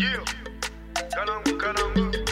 Yeah, Kalangu, Kalangu.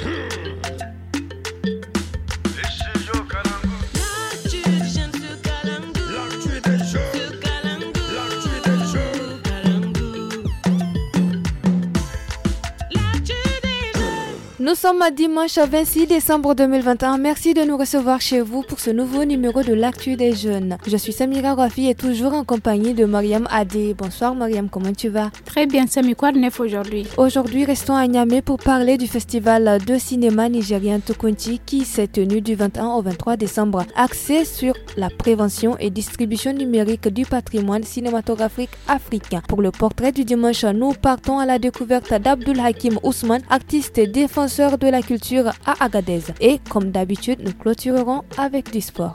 Nous sommes à dimanche 26 décembre 2021. Merci de nous recevoir chez vous pour ce nouveau numéro de l'actu des jeunes. Je suis Samira Rafi et toujours en compagnie de Mariam Adé. Bonsoir Mariam, comment tu vas Très bien Sami, quoi de neuf aujourd'hui Aujourd'hui, restons à Niamey pour parler du festival de cinéma nigérien Tokunti qui s'est tenu du 21 au 23 décembre, axé sur la prévention et distribution numérique du patrimoine cinématographique africain. Pour le portrait du dimanche, nous partons à la découverte d'Abdul Hakim Ousmane, artiste et défenseur de la culture à Agadez. Et comme d'habitude, nous clôturerons avec du sport.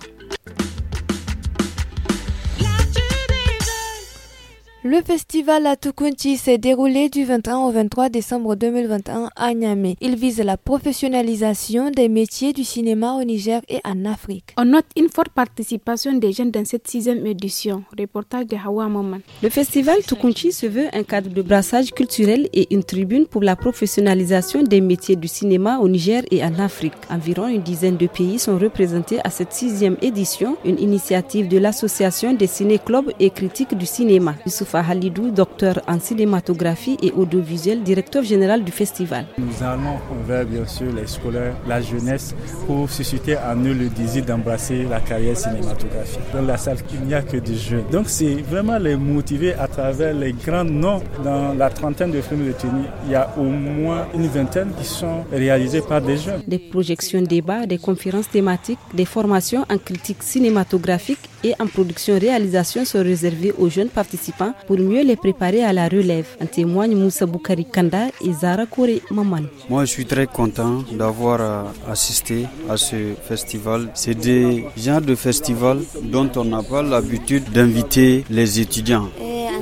Le festival à Tukunchi s'est déroulé du 21 au 23 décembre 2021 à Niamey. Il vise la professionnalisation des métiers du cinéma au Niger et en Afrique. On note une forte participation des jeunes dans cette sixième édition. Reportage de Hawa Moman. Le festival Tukunchi se veut un cadre de brassage culturel et une tribune pour la professionnalisation des métiers du cinéma au Niger et en Afrique. Environ une dizaine de pays sont représentés à cette sixième édition, une initiative de l'association des ciné-clubs et critiques du cinéma. Fahalidou, docteur en cinématographie et audiovisuel, directeur général du festival. Nous allons vers bien sûr les scolaires, la jeunesse, pour susciter en eux le désir d'embrasser la carrière cinématographique. Dans la salle, il n'y a que des jeunes. Donc c'est vraiment les motiver à travers les grands noms. Dans la trentaine de films retenus, il y a au moins une vingtaine qui sont réalisés par des jeunes. Des projections débats, des conférences thématiques, des formations en critique cinématographique et en production-réalisation sont réservés aux jeunes participants pour mieux les préparer à la relève. En témoignent Moussa Boukari Kanda et Zara Kore Maman. Moi, je suis très content d'avoir euh, assisté à ce festival. C'est des genres de festivals dont on n'a pas l'habitude d'inviter les étudiants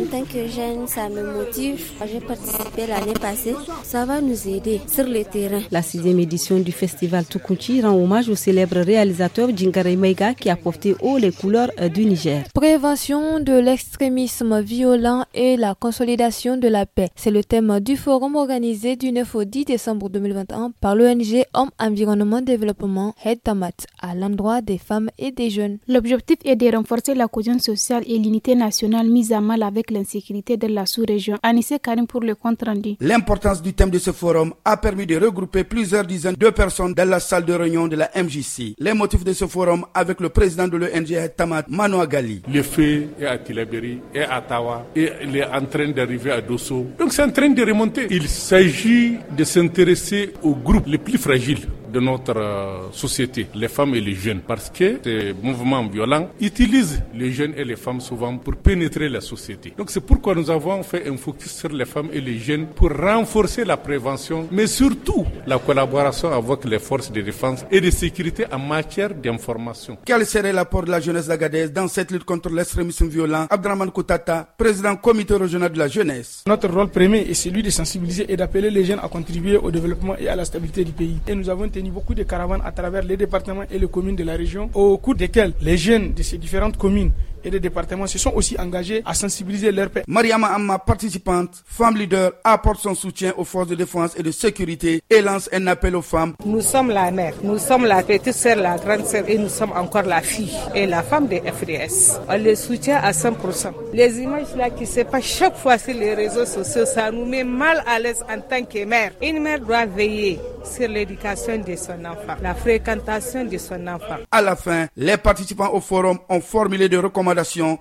tant que jeune, ça me motive. J'ai participé l'année passée. Ça va nous aider sur le terrain. La sixième édition du festival Tukunchi rend hommage au célèbre réalisateur Djingare Meiga qui a porté haut les couleurs euh, du Niger. Prévention de l'extrémisme violent et la consolidation de la paix. C'est le thème du forum organisé du 9 au 10 décembre 2021 par l'ONG Homme Environnement Développement Head Tamat à l'endroit des femmes et des jeunes. L'objectif est de renforcer la cohésion sociale et l'unité nationale mise à mal avec l'insécurité de la sous-région. Anissé Karim pour le compte rendu. L'importance du thème de ce forum a permis de regrouper plusieurs dizaines de personnes dans la salle de réunion de la MJC. Les motifs de ce forum avec le président de l'ONG Tamad Manoa Gali. Le feu est à Tilaberi, est à Tawa, et il est en train d'arriver à Dosso. Donc c'est en train de remonter. Il s'agit de s'intéresser aux groupes les plus fragiles de notre euh, société, les femmes et les jeunes, parce que ces mouvements violents utilisent les jeunes et les femmes souvent pour pénétrer la société. Donc c'est pourquoi nous avons fait un focus sur les femmes et les jeunes pour renforcer la prévention, mais surtout la collaboration avec les forces de défense et de sécurité en matière d'information. Quel serait l'apport de la jeunesse d'Agadez dans cette lutte contre l'extrémisme violent Abdraman Koutata, président comité régional de la jeunesse. Notre rôle premier est celui de sensibiliser et d'appeler les jeunes à contribuer au développement et à la stabilité du pays. Et nous avons été beaucoup de caravanes à travers les départements et les communes de la région, au cours desquelles les jeunes de ces différentes communes et les départements se sont aussi engagés à sensibiliser leur paix. Mariama Amma, participante, femme leader, apporte son soutien aux forces de défense et de sécurité et lance un appel aux femmes. Nous sommes la mère, nous sommes la petite sœur, la grande sœur et nous sommes encore la fille et la femme des FDS. On les soutient à 100%. Les images là qui se passent chaque fois sur les réseaux sociaux, ça nous met mal à l'aise en tant que mère. Une mère doit veiller sur l'éducation de son enfant, la fréquentation de son enfant. À la fin, les participants au forum ont formulé des recommandations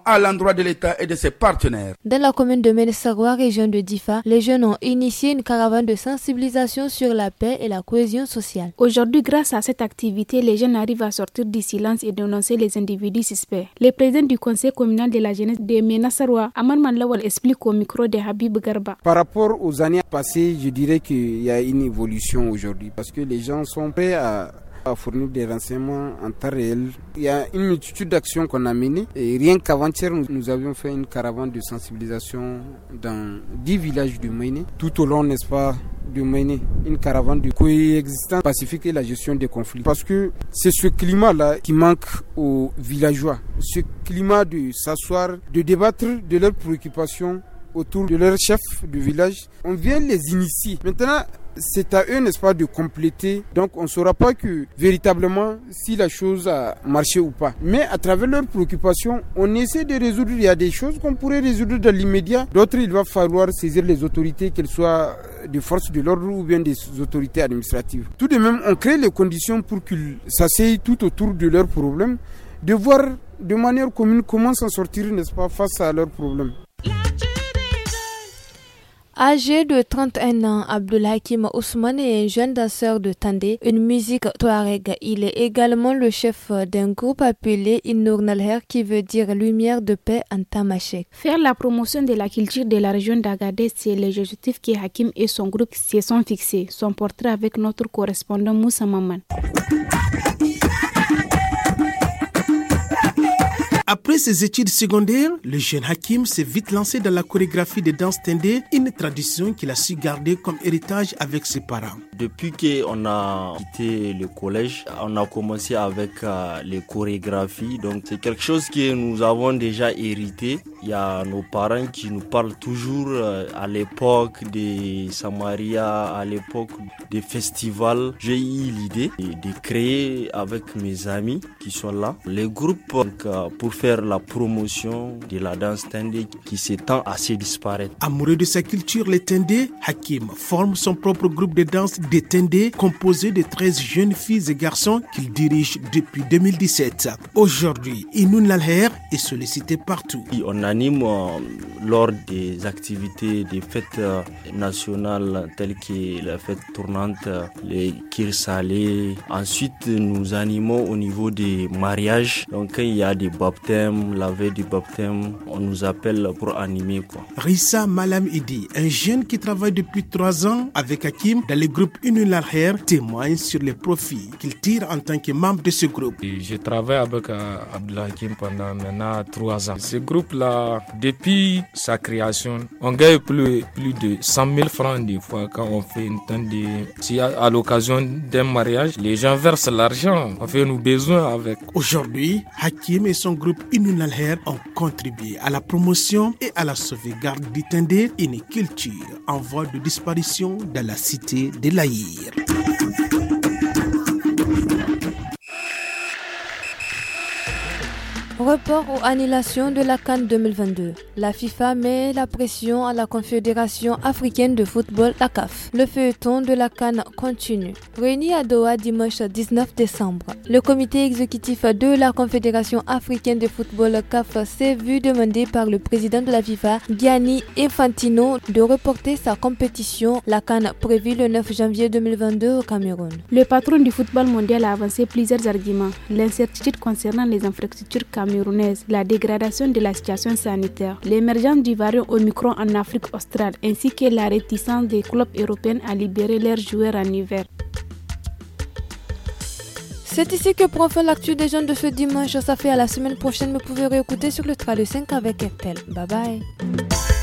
à l'endroit de l'État et de ses partenaires. Dans la commune de Menesagwa, région de Difa, les jeunes ont initié une caravane de sensibilisation sur la paix et la cohésion sociale. Aujourd'hui, grâce à cette activité, les jeunes arrivent à sortir du silence et dénoncer les individus suspects. Le président du conseil communal de la jeunesse de Menasaroua, Aman Manlawal, explique au micro de Habib Garba. Par rapport aux années passées, je dirais qu'il y a une évolution aujourd'hui parce que les gens sont prêts à à fournir des renseignements en temps réel. Il y a une multitude d'actions qu'on a menées. Et rien qu'avant-hier, nous, avions fait une caravane de sensibilisation dans 10 villages du Maine, tout au long, n'est-ce pas, du Maine. Une caravane de coexistence pacifique et la gestion des conflits. Parce que c'est ce climat-là qui manque aux villageois. Ce climat de s'asseoir, de débattre de leurs préoccupations autour de leur chef du village. On vient les initier. Maintenant, c'est à eux, n'est-ce pas, de compléter. Donc on ne saura pas que véritablement si la chose a marché ou pas. Mais à travers leurs préoccupations, on essaie de résoudre. Il y a des choses qu'on pourrait résoudre dans l'immédiat. D'autres, il va falloir saisir les autorités, qu'elles soient des forces de l'ordre ou bien des autorités administratives. Tout de même, on crée les conditions pour qu'ils s'asseyent tout autour de leurs problèmes, de voir de manière commune comment s'en sortir, n'est-ce pas, face à leurs problèmes. Âgé de 31 ans, Hakim Ousmane est un jeune danseur de Tandé, une musique touareg. Il est également le chef d'un groupe appelé Innurnalher qui veut dire lumière de paix en tamashek. Faire la promotion de la culture de la région d'Agadez, c'est l'objectif qui Hakim et son groupe se sont fixés. Son portrait avec notre correspondant Moussa Maman. ses études secondaires, le jeune Hakim s'est vite lancé dans la chorégraphie des danse tendées, une tradition qu'il a su garder comme héritage avec ses parents. Depuis qu'on a quitté le collège, on a commencé avec euh, les chorégraphies. Donc c'est quelque chose que nous avons déjà hérité. Il y a nos parents qui nous parlent toujours euh, à l'époque des Samaria, à l'époque des festivals. J'ai eu l'idée de créer avec mes amis qui sont là les groupes euh, pour faire la promotion de la danse tendé qui s'étend à se disparaître. Amoureux de sa culture, les tendé, Hakim forme son propre groupe de danse de composé de 13 jeunes filles et garçons qu'il dirige depuis 2017. Aujourd'hui, Inoun Lalher est sollicité partout. On anime euh, lors des activités des fêtes euh, nationales telles que la fête tournante, euh, les kirs Ensuite, nous animons au niveau des mariages. Donc, il y a des baptêmes, la veille du baptême, on nous appelle pour animer. Quoi. Rissa Malam Idi, un jeune qui travaille depuis trois ans avec Hakim dans le groupe Inunalher témoigne sur les profits qu'il tire en tant que membre de ce groupe. Je travaille avec euh, Abdullah pendant maintenant trois ans. Ce groupe-là, depuis sa création, on gagne plus, plus de 100 000 francs des fois quand on fait une tonne Si à, l'occasion d'un mariage, les gens versent l'argent, on fait nos besoins avec. Aujourd'hui, Hakim et son groupe Inunalher ont contribué à la promotion et à la sauvegarde d'Itendé, une culture en voie de disparition dans la cité de la Bahia. Report ou annulation de la Cannes 2022. La FIFA met la pression à la Confédération africaine de football, la CAF. Le feuilleton de la Cannes continue. Réuni à Doha dimanche 19 décembre, le comité exécutif de la Confédération africaine de football, CAF, s'est vu demander par le président de la FIFA, Gianni Infantino, de reporter sa compétition, la Cannes prévue le 9 janvier 2022 au Cameroun. Le patron du football mondial a avancé plusieurs arguments. L'incertitude concernant les infrastructures camerounaises la dégradation de la situation sanitaire, l'émergence du variant Omicron en Afrique australe ainsi que la réticence des clubs européens à libérer leurs joueurs en hiver. C'est ici que prend fin l'actu des jeunes de ce dimanche. Ça fait à la semaine prochaine. Vous pouvez réécouter sur le 3 5 avec Eptel. Bye bye.